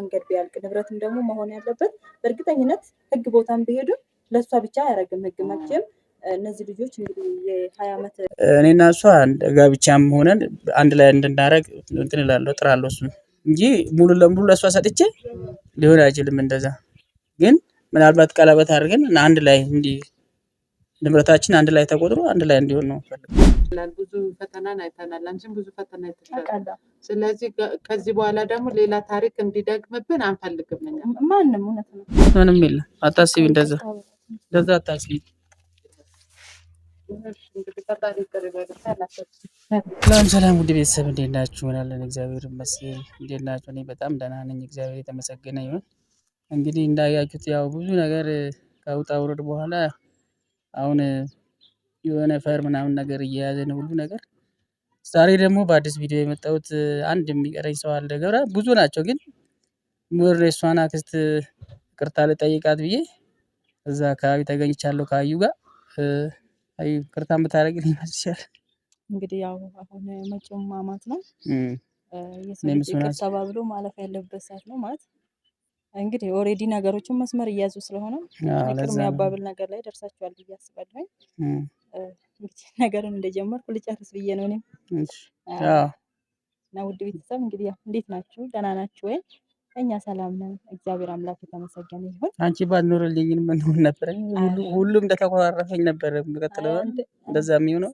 መንገድ ቢያልቅ ንብረትም ደግሞ መሆን ያለበት በእርግጠኝነት ህግ ቦታም ቢሄዱም ለእሷ ብቻ አያረግም ህግ መቼም። እነዚህ ልጆች እንግዲህ የሀያ ዓመት እኔና እሷ ጋብቻም ሆነን አንድ ላይ እንድናረግ እንትን እላለሁ እጥራለሁ እሱን እንጂ ሙሉ ለሙሉ ለእሷ ሰጥቼ ሊሆን አይችልም። እንደዛ ግን ምናልባት ቀለበት አድርገን አንድ ላይ እንዲህ ንብረታችን አንድ ላይ ተቆጥሮ አንድ ላይ እንዲሆን ነው። ብዙ ፈተና አይተናል። አንቺም ብዙ ፈተና ይችላል። ስለዚህ ከዚህ በኋላ ደግሞ ሌላ ታሪክ እንዲደግምብን አንፈልግም። ማንም ምንም የለም። አታስቢ፣ እንደዛ እንደዛ አታስቢ። ሰላም ሰላም፣ ውድ ቤተሰብ እንዴት ናችሁ? ምናለን እግዚአብሔር ይመስገን። እንዴት ናችሁ? እኔ በጣም ደህና ነኝ። እግዚአብሔር የተመሰገነ ይሁን። እንግዲህ እንዳያችሁት ያው ብዙ ነገር ከውጣ ውረድ በኋላ አሁን የሆነ ፈር ምናምን ነገር እየያዘ ነው ሁሉ ነገር። ዛሬ ደግሞ በአዲስ ቪዲዮ የመጣሁት አንድ የሚቀረኝ ሰው አለ ገብረ ብዙ ናቸው ግን ምር እሷን አክስት ቅርታ ልጠይቃት ብዬ እዛ አካባቢ ተገኝቻለሁ ከአዩ ጋር አዩ ቅርታ የምታደርግ ሊመስል እንግዲህ ያው አሁን መጪው ማማት ነው። ይቅርታ ባብሎ ማለፍ ያለበት ሰዓት ነው ማለት እንግዲህ ኦሬዲ ነገሮችን መስመር እያዙ ስለሆነ የሚያባብል ነገር ላይ ደርሳችኋል ብዬ አስባለሁኝ። እንግዲህ ነገርን እንደጀመርኩ ልጨርስ ብዬ ነው እኔም። እና ውድ ቤተሰብ እንግዲህ ያው እንዴት ናችሁ? ደህና ናችሁ ወይ? እኛ ሰላም ነን፣ እግዚአብሔር አምላክ የተመሰገነ ይሁን። አንቺ ባትኖርልኝም ምን ሆን ነበረ? ሁሉም እንደተኮራረፈኝ ነበረ። ምቀጥለ እንደዛ የሚሆነው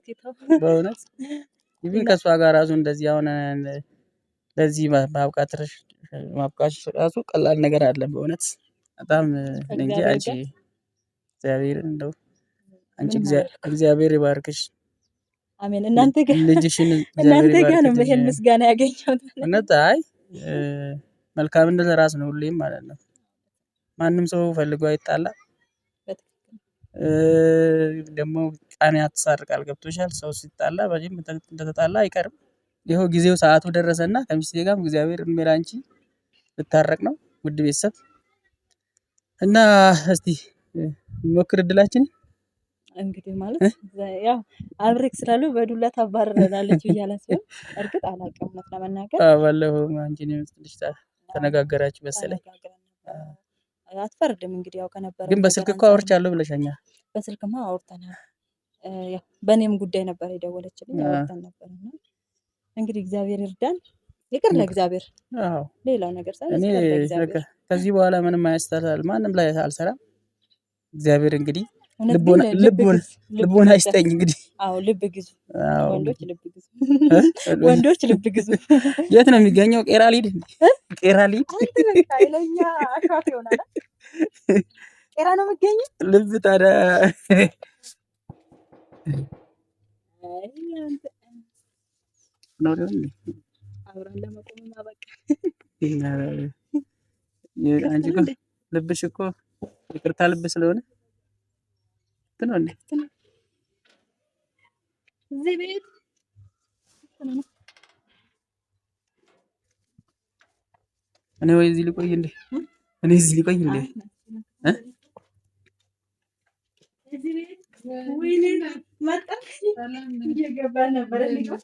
በእውነት ይህን ከእሷ ጋር ራሱ እንደዚህ አሁን ለዚህ ማብቃት ራሱ ቀላል ነገር አይደለም። በእውነት በጣም እንጂ አንቺ እግዚአብሔር እንደው አንቺ እግዚአብሔር ይባርክሽ። አሜን። እናንተ ጋር ልጅሽን እናንተ ጋር ነው ይሄን ምስጋና ያገኘሁት። እውነት አይ መልካም እንደ ራስ ነው ሁሌም ማለት ነው። ማንም ሰው ፈልጎ አይጣላ ደግሞ ቃኔ ያትሳርቃል። ገብቶሻል። ሰው ሲጣላ በዚህ እንደተጣላ አይቀርም። ይኸው ጊዜው ሰዓቱ ደረሰና ከሚስቴ ጋርም እግዚአብሔር እድሜ ላንቺ ልታረቅ ነው ውድ ቤተሰብ እና እስቲ ሞክር እድላችን እንግዲህ ማለት ያው አብሬክ ስላሉ በዱላ ታባርረናለች ብያላ ሲሆን እርግጥ አላውቅም እውነት ለመናገር ባለፈው አንቺን ትንሽ ተነጋገራችሁ መሰለኝ። አትፈርድም እንግዲህ ያው ከነበረ ግን በስልክ እኮ አውርቻለሁ ብለሻኛ። በስልክማ አውርተናል። ያው በእኔም ጉዳይ ነበር የደወለችልኝ አውርተን ነበር እና እንግዲህ እግዚአብሔር ይርዳን። ይቅር ለእግዚአብሔር ሌላው ነገር ከዚህ በኋላ ምንም አያስጠላል። ማንም ላይ አልሰራም። እግዚአብሔር እንግዲህ ልቦና አይስጠኝ። እንግዲህ ልብ ግዙ ወንዶች፣ ልብ ግዙ። የት ነው የሚገኘው? ቄራ ሊድ ቄራ ሊድ ቄራ ነው የሚገኘው ልብ ታዲያ ነው ሊሆን አብረን ለመቆም አበቃ። ልብሽ እኮ ይቅርታ ልብ ስለሆነ ትነው እንዴ እዚህ ቤት እኔ ወይ እዚህ ልቆይ እንዴ? እኔ እዚህ ልቆይ እንዴ? ወይኔ መጣ እየገባ ነበረ ልጆች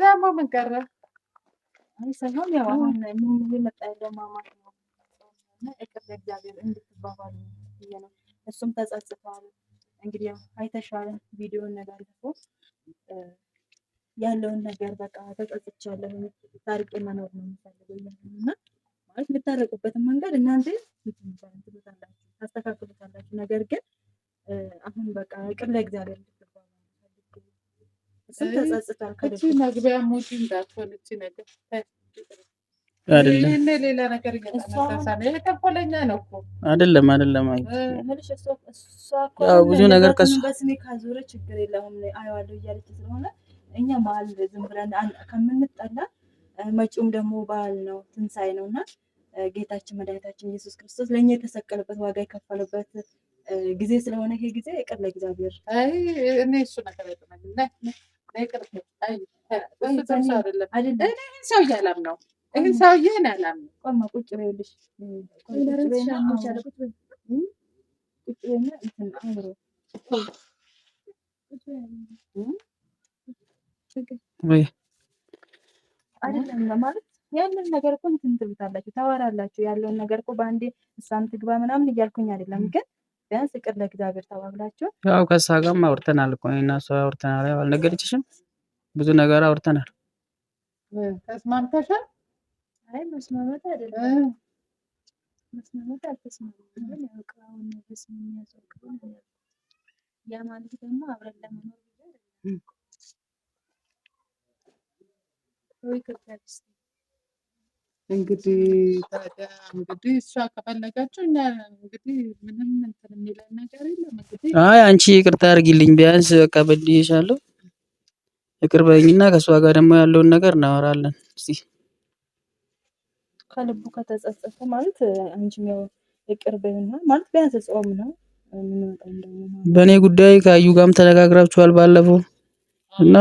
ደግሞ ምን ቀረ? ሰላም እሱም ተጸጽቷል። እንግዲህ አይተሻል ቪዲዮን ነገር ያለውን ነገር በቃ ተጸጽቻለሁ፣ ታርቄ መኖር ነው የሚፈልገው እና ማለት የምታረቁበትን መንገድ እናንተ ታስተካክሉታላችሁ። ነገር ግን አሁን በቃ እቅር ለእግዚአብሔር መግቢያ አይደለም፣ አይደለም። ያው ብዙ ነገር ከሱ ካዞረ ችግር የለውም አየዋለሁ እያለች ስለሆነ እኛ ባህል ዝም ብለን ከምንጠላ መጪውም ደግሞ ባህል ነው ትንሣኤ ነው እና ጌታችን መድኃኒታችን ኢየሱስ ክርስቶስ ለእኛ የተሰቀለበት ዋጋ የከፈለበት ጊዜ ስለሆነ ይሄ ጊዜ ይቅር ለእግዚአብሔር እኔ እሱ ነገር ይህን ሰውዬ አላምነው። ይህን ሰውዬ አላምነው ያንን ነገር እኮ እንትን ትሉታላችሁ፣ ታወራላችሁ። ያለውን ነገር እኮ በአንዴ እሳም ትግባ ምናምን እያልኩኝ አይደለም ግን ቢያንስ እቅድ ለእግዚአብሔር ተባብላችሁ ያው ከእሷ ጋርም አውርተናል እኮ እና እሷ አውርተናል። ያው አልነገረችሽም? ብዙ ነገር አውርተናል። ተስማምተሻል? አይ መስማማት አይደለም መስማማት አልተስማማንም። ያው ያ ማለት ደግሞ አብረን ለመኖር ወይ እንግዲህ ታዲያ እንግዲህ እሷ ከፈለጋችሁ እኛ እንግዲህ ምንም እንትን የሚለን ነገር የለም። እንግዲህ አይ አንቺ ይቅርታ አድርጊልኝ፣ ቢያንስ በቃ በድዬሻለሁ። ይቅር በይኝና ከእሷ ጋር ደግሞ ያለውን ነገር እናወራለን። እስቲ ከልቡ ከተጸጸተ ማለት አንቺ ያው ይቅር በይና ማለት ቢያንስ ጾም ነው የምንወጣው በእኔ ጉዳይ ከአዩ ጋርም ተነጋግራችኋል ባለፈው እና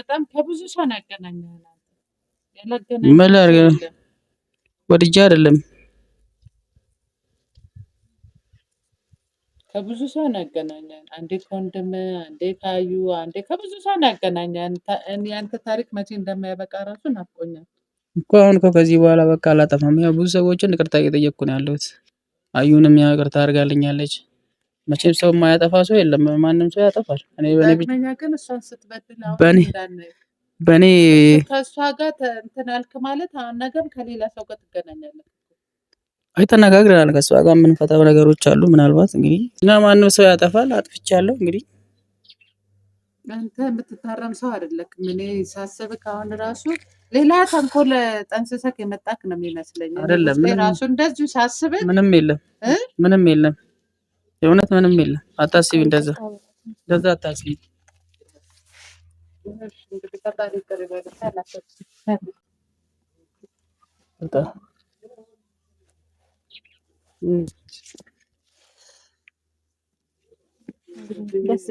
በጣም ከብዙ ሰው ነው ያገናኘኸው። ምን ላድርግ? ወድጄ አይደለም። ከብዙ ሰው ያገናኛል። አንዴ ከወንድም፣ አንዴ ካዩ፣ አንዴ ከብዙ ሰው ያገናኛል። ያንተ ታሪክ መቼ እንደማያበቃ ራሱ ናፍቆኛል እኮ። አሁን እኮ ከዚህ በኋላ በቃ አላጠፋም። ያው ብዙ ሰዎችን ይቅርታ እየጠየቅኩ ነው ያለሁት። አዩንም ያው ይቅርታ አድርጋልኛለች። መቼም ሰው የማያጠፋ ሰው የለም። ማንም ሰው ያጠፋል። እኔ በእኔ በእኔ ከእሷ ጋር እንትን አልክ ማለት ነገም ከሌላ ሰው ጋር ትገናኛለህ። አይ ተነጋግረናል። ከእሷ ጋር የምንፈታው ነገሮች አሉ። ምናልባት እንግዲህ እና ማንም ሰው ያጠፋል። አጥፍቻለሁ እንግዲህ አንተ የምትታረም ሰው አይደለክም። እኔ ሳስብህ አሁን ራሱ ሌላ ተንኮል ጠንስሰክ የመጣክ ነው የሚመስለኝ። አይደለም ራሱ እንደዚሁ ሳስብህ ምንም የለም፣ ምንም የለም፣ የእውነት ምንም የለም። አታስቢ እንደዛ፣ እንደዛ አታስቢ። ደስ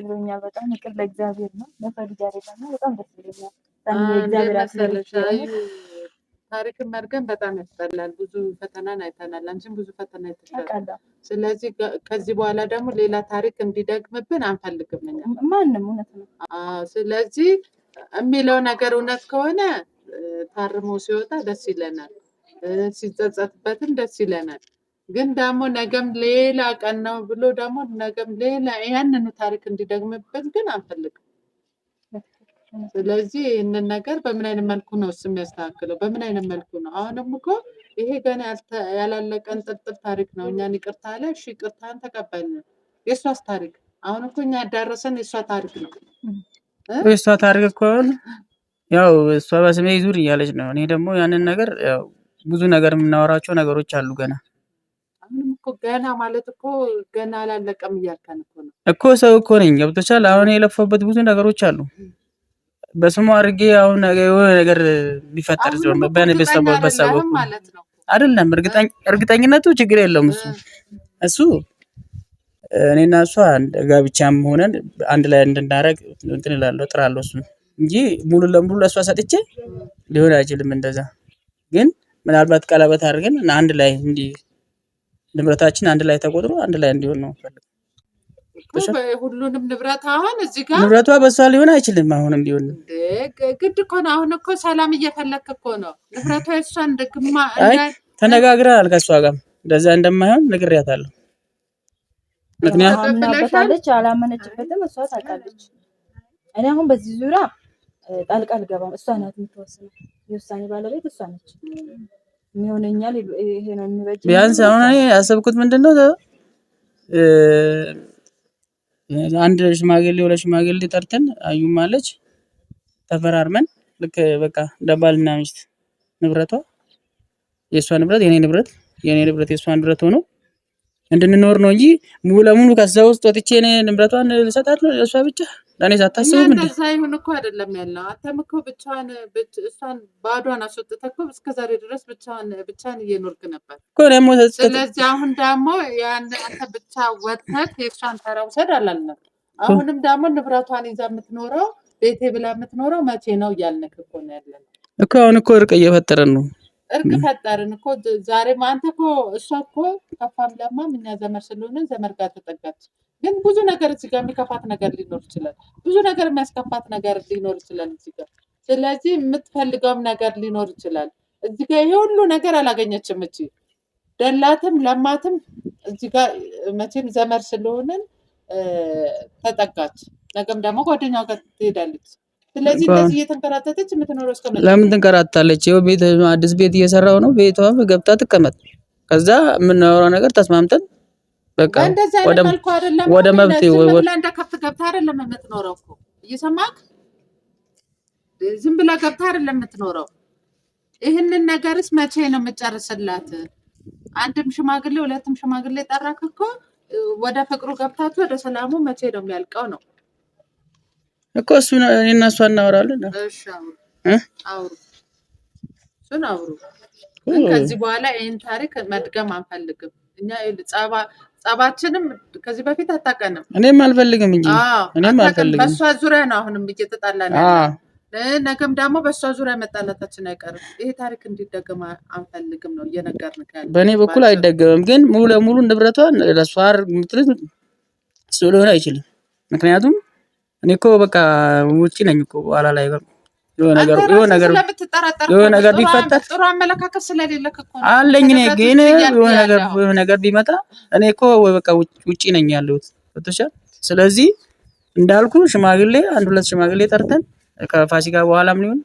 ብሎኛል። በጣም ይቅር ለእግዚአብሔር ነው ለሰው ልጅ በጣም ደስ ብሎኛል። ታሪክን መድገም በጣም ያስጠላል። ብዙ ፈተናን አይተናል። አንቺም ብዙ ፈተና ይተሻል። ስለዚህ ከዚህ በኋላ ደግሞ ሌላ ታሪክ እንዲደግምብን አንፈልግም እኛ ማንም። እውነት ነው። ስለዚህ የሚለው ነገር እውነት ከሆነ ታርሞ ሲወጣ ደስ ይለናል፣ ሲጸጸትበትም ደስ ይለናል። ግን ደግሞ ነገም ሌላ ቀን ነው ብሎ ደግሞ ነገም ሌላ ያንኑ ታሪክ እንዲደግምብን ግን አንፈልግም። ስለዚህ ይህንን ነገር በምን አይነት መልኩ ነው እሱ የሚያስተካክለው? በምን አይነት መልኩ ነው? አሁንም እኮ ይሄ ገና ያላለቀን ጥልጥል ታሪክ ነው። እኛን ይቅርታ አለ። እሺ ይቅርታን ተቀበልን። የእሷስ ታሪክ አሁን እኮ እኛ ያዳረሰን የእሷ ታሪክ ነው። የእሷ ታሪክ ከሆነ ያው እሷ በስሜ ይዙር እያለች ነው። እኔ ደግሞ ያንን ነገር ያው ብዙ ነገር የምናወራቸው ነገሮች አሉ ገና ገና ማለት እኮ ገና አላለቀም እያልከን እኮ ነው እኮ ሰው እኮ ነኝ ገብቶቻል። አሁን የለፈበት ብዙ ነገሮች አሉ በስሙ አድርጌ አሁን የሆነ ነገር ቢፈጠር በሰው አይደለም። እርግጠኝነቱ ችግር የለውም እሱ እሱ እኔና እሷ ጋብቻም ሆነን አንድ ላይ እንድናረግ እንትን እላለሁ እጥራለሁ እሱ እንጂ ሙሉ ለሙሉ ለእሷ ሰጥቼ ሊሆን አይችልም። እንደዛ ግን ምናልባት ቀለበት አድርገን አንድ ላይ እንዲህ ንብረታችን አንድ ላይ ተቆጥሮ አንድ ላይ እንዲሆን ነው። ሁሉንም ንብረት አሁን እዚህ ጋር ንብረቷ በሷ ሊሆን አይችልም። አሁንም ቢሆን ግድ እኮ ነው። አሁን እኮ ሰላም እየፈለክ እኮ ነው። ንብረቷ የሷ እንደግማ ተነጋግረናል። ከሷ ጋር እንደዛ እንደማይሆን ነግሬያታለሁ። ምክንያቱም አምናበታለች፣ አላመነችበትም። እሷ ታውቃለች። እኔ አሁን በዚህ ዙሪያ ጣልቃ አልገባም። እሷ ናት የምትወስነው። የውሳኔ ባለቤት እሷ ነች። የሚሆነኛል ይሄ ነው የሚበጅ። ቢያንስ አሁን እኔ ያሰብኩት ምንድን ነው አንድ ሽማግሌ ሁለት ሽማግሌ ጠርተን አዩም አለች ተፈራርመን ልክ በቃ እንደ ባልና ሚስት ንብረቷ የእሷ ንብረት የኔ ንብረት የኔ ንብረት የእሷ ንብረት ሆኖ እንድንኖር ነው እንጂ ሙሉ ለሙሉ ከዛ ውስጥ ወጥቼ እኔ ንብረቷን ልሰጣት ነው እሷ ብቻ ለእኔ ሳታስብም እንደ ሳይሆን እኮ አይደለም ያለው። አንተም እኮ ብቻህን እሷን ባዷን አስወጥተህ እኮ እስከ ዛሬ ድረስ ብቻህን ብቻህን እየኖርክ ነበር ደግሞ። ስለዚህ አሁን ደግሞ ያን አንተ ብቻ ወጥተህ የእሷን ተራ ውሰድ አላልንም። አሁንም ደግሞ ንብረቷን ይዛ የምትኖረው ቤቴ ብላ የምትኖረው መቼ ነው እያልንክ እኮ ነው ያለን እኮ። አሁን እኮ እርቅ እየፈጠረን ነው እርቅ ፈጠርን እኮ ዛሬ። አንተ እኮ እሷ እኮ ከፋም ለማም እኛ ዘመድ ስለሆነ ዘመድ ጋር ተጠጋች። ግን ብዙ ነገር እዚጋ ጋር የሚከፋት ነገር ሊኖር ይችላል። ብዙ ነገር የሚያስከፋት ነገር ሊኖር ይችላል እዚጋ ጋር። ስለዚህ የምትፈልገውም ነገር ሊኖር ይችላል እዚጋ ይሄ ሁሉ ነገር አላገኘችም እቺ ደላትም ለማትም እዚህ መቼም ዘመድ ስለሆንን ተጠጋች። ነገም ደግሞ ጓደኛው ጋር ትሄዳለች። ስለዚህ እንደዚህ እየተንከራተተች የምትኖረው እስከ ለምን ትንከራታለች? ቤት አዲስ ቤት እየሰራው ነው። ቤቷም ገብታ ትቀመጥ። ከዛ የምናወራው ነገር ተስማምተን በቃ ወደ ወደ ወይ ወደ እንደ ከፍ ገብተህ አይደለም የምትኖረው እኮ እየሰማክ ዝም ብላ ገብተህ አይደለም የምትኖረው። ይህንን ነገርስ መቼ ነው የምጨርስላት? አንድም ሽማግሌ ሁለትም ሽማግሌ ጠራክ እኮ ወደ ፍቅሩ ገብታችሁ ወደ ሰላሙ መቼ ነው የሚያልቀው? ነው እኮ እሱ እኔና እሷ እናወራለን። እሺ አውሩ፣ እሱን አውሩ። ከዚህ በኋላ ይህን ታሪክ መድገም አንፈልግም እኛ ጸባ ጸባችንም ከዚህ በፊት አታውቀንም። እኔም አልፈልግም እንጂ እኔም አልፈልግም። በእሷ ዙሪያ ነው አሁንም እየተጣላን። ነገም ደግሞ በእሷ ዙሪያ መጣላታችን አይቀርም። ይሄ ታሪክ እንዲደገም አንፈልግም ነው እየነገር ያለ። በእኔ በኩል አይደገምም፣ ግን ሙሉ ለሙሉ ንብረቷን ለሷር ምትልት ስሎሆን አይችልም። ምክንያቱም እኔ እኮ በቃ ውጭ ነኝ እኮ በኋላ ላይ የሆነ ነገር ቢፈጠር ጥሩ አመለካከት ስለሌለ አለኝ። እኔ ግን የሆነ ነገር ቢመጣ እኔ እኮ በቃ ውጪ ነኝ ያለሁት ብትሻል። ስለዚህ እንዳልኩ ሽማግሌ አንድ ሁለት ሽማግሌ ጠርተን ከፋሲካ በኋላም ሊሆን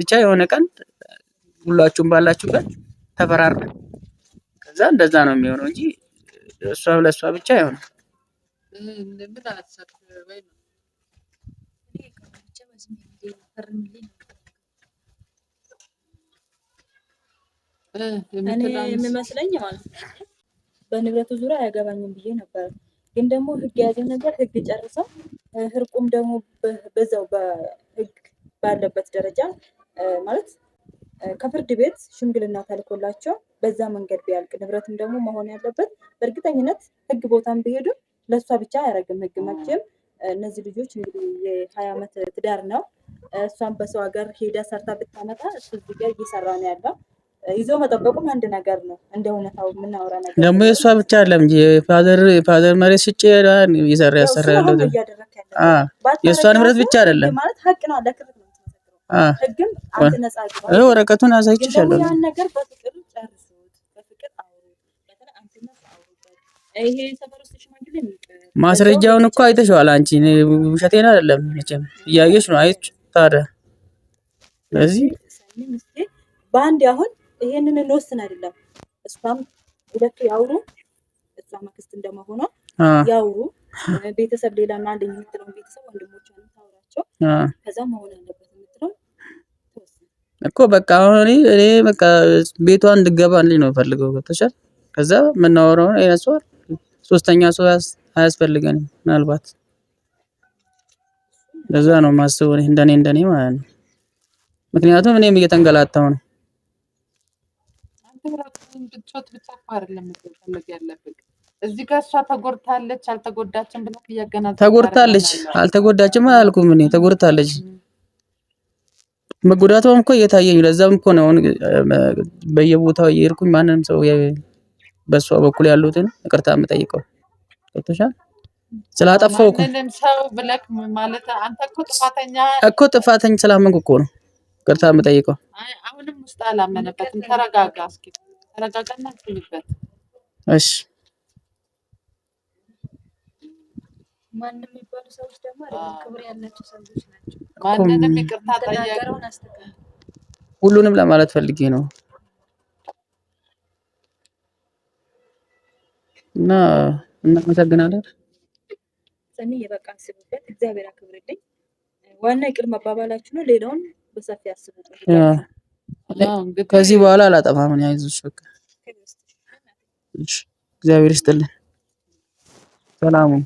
ብቻ የሆነ ቀን ሁላችሁም ባላችሁበት ተፈራርመን ከዛ እንደዛ ነው የሚሆነው እንጂ እሷ ለእሷ ብቻ አይሆንም። እኔ የሚመስለኝ ማለት በንብረቱ ዙሪያ አያገባኝም ብዬ ነበረ። ግን ደግሞ ህግ የያዘ ነገር ህግ ጨርሰው ህርቁም ደግሞ በዛው በህግ ባለበት ደረጃ ማለት ከፍርድ ቤት ሽምግልና ተልኮላቸው በዛ መንገድ ቢያልቅ ንብረትም ደግሞ መሆን ያለበት በእርግጠኝነት ህግ ቦታም ቢሄዱ ለእሷ ብቻ አያደርግም ህግ መቼም እነዚህ ልጆች እንግዲህ የሀያ ዓመት ትዳር ነው። እሷን በሰው ሀገር ሄዳ ሰርታ ብታመጣ እሱ እዚህ ጋር እየሰራ ነው ያለው። ይዞ መጠበቁም አንድ ነገር ነው። እንደ እውነታው የምናወራ ነገር ደግሞ የእሷ ብቻ አለም የፋዘር የፋዘር መሬት ስጭ እየሰራ ያሰራ ያለ የእሷ ንብረት ብቻ አይደለም ማለት ሀቅ ነው። ለክርት ነው ህግም አንድ ነጻ ወረቀቱን አሳይችሻለሁ። ያን ነገር በፍቅር ጨርሱት፣ በፍቅር አውሩ። ይሄ ሰፈር ውስጥ ሽማግሌ የሚቀ ማስረጃውን እኮ አይተሸዋል። አንቺ ውሸቴን አይደለም መቼም እያየሽ ነው። አይች ታዲያ ስለዚህ በአንድ አሁን ይሄንን እንወስን አይደለም። እሷም ሁለቱ ያውሩ፣ እሷ መክስት እንደመሆኗ ያውሩ። ቤተሰብ ሌላ ና አንድ የምትለውን ቤተሰብ ወንድሞች ታውራቸው። ከዛ መሆን ያለበት የምትለው እኮ በቃ አሁን እኔ በቃ ቤቷ እንድገባ ልኝ ነው ፈልገው ገብተሻል። ከዛ የምናወራውን ይነሷል ሶስተኛ ሰው አያስፈልገንም። ምናልባት ለዛ ነው ማስበው እንደኔ እንደኔ ማለት ነው። ምክንያቱም እኔም እየተንገላታው ነው። እዚህ ጋር እሷ ተጎድታለች አልተጎዳችም ብለህ እያገናዘብህ ተጎድታለች አልተጎዳችም አላልኩም እኔ ተጎድታለች መጎዳቷም እኮ እየታየኝ ለዛም እኮ ነው በየቦታው እየሄድኩኝ ማንንም ሰው በእሷ በኩል ያሉትን ይቅርታ የምጠይቀው ገብቶሻል። ስላጠፋው እኮ እኮ ጥፋተኝ ስላመንኩ እኮ ነው ቅርታ የምጠይቀው። እሺ ሁሉንም ለማለት ፈልጌ ነው እና እናመሰግናለን። ሰኒ የበቃ አስቡበት። እግዚአብሔር አክብርልኝ። ዋና ይቅር መባባላችሁ ነው። ሌላውን በሰፊ አስቡበት። ከዚህ በኋላ አላጠፋም። ምን አይዞሽ፣ በቃ እግዚአብሔር ይስጥልን ሰላሙን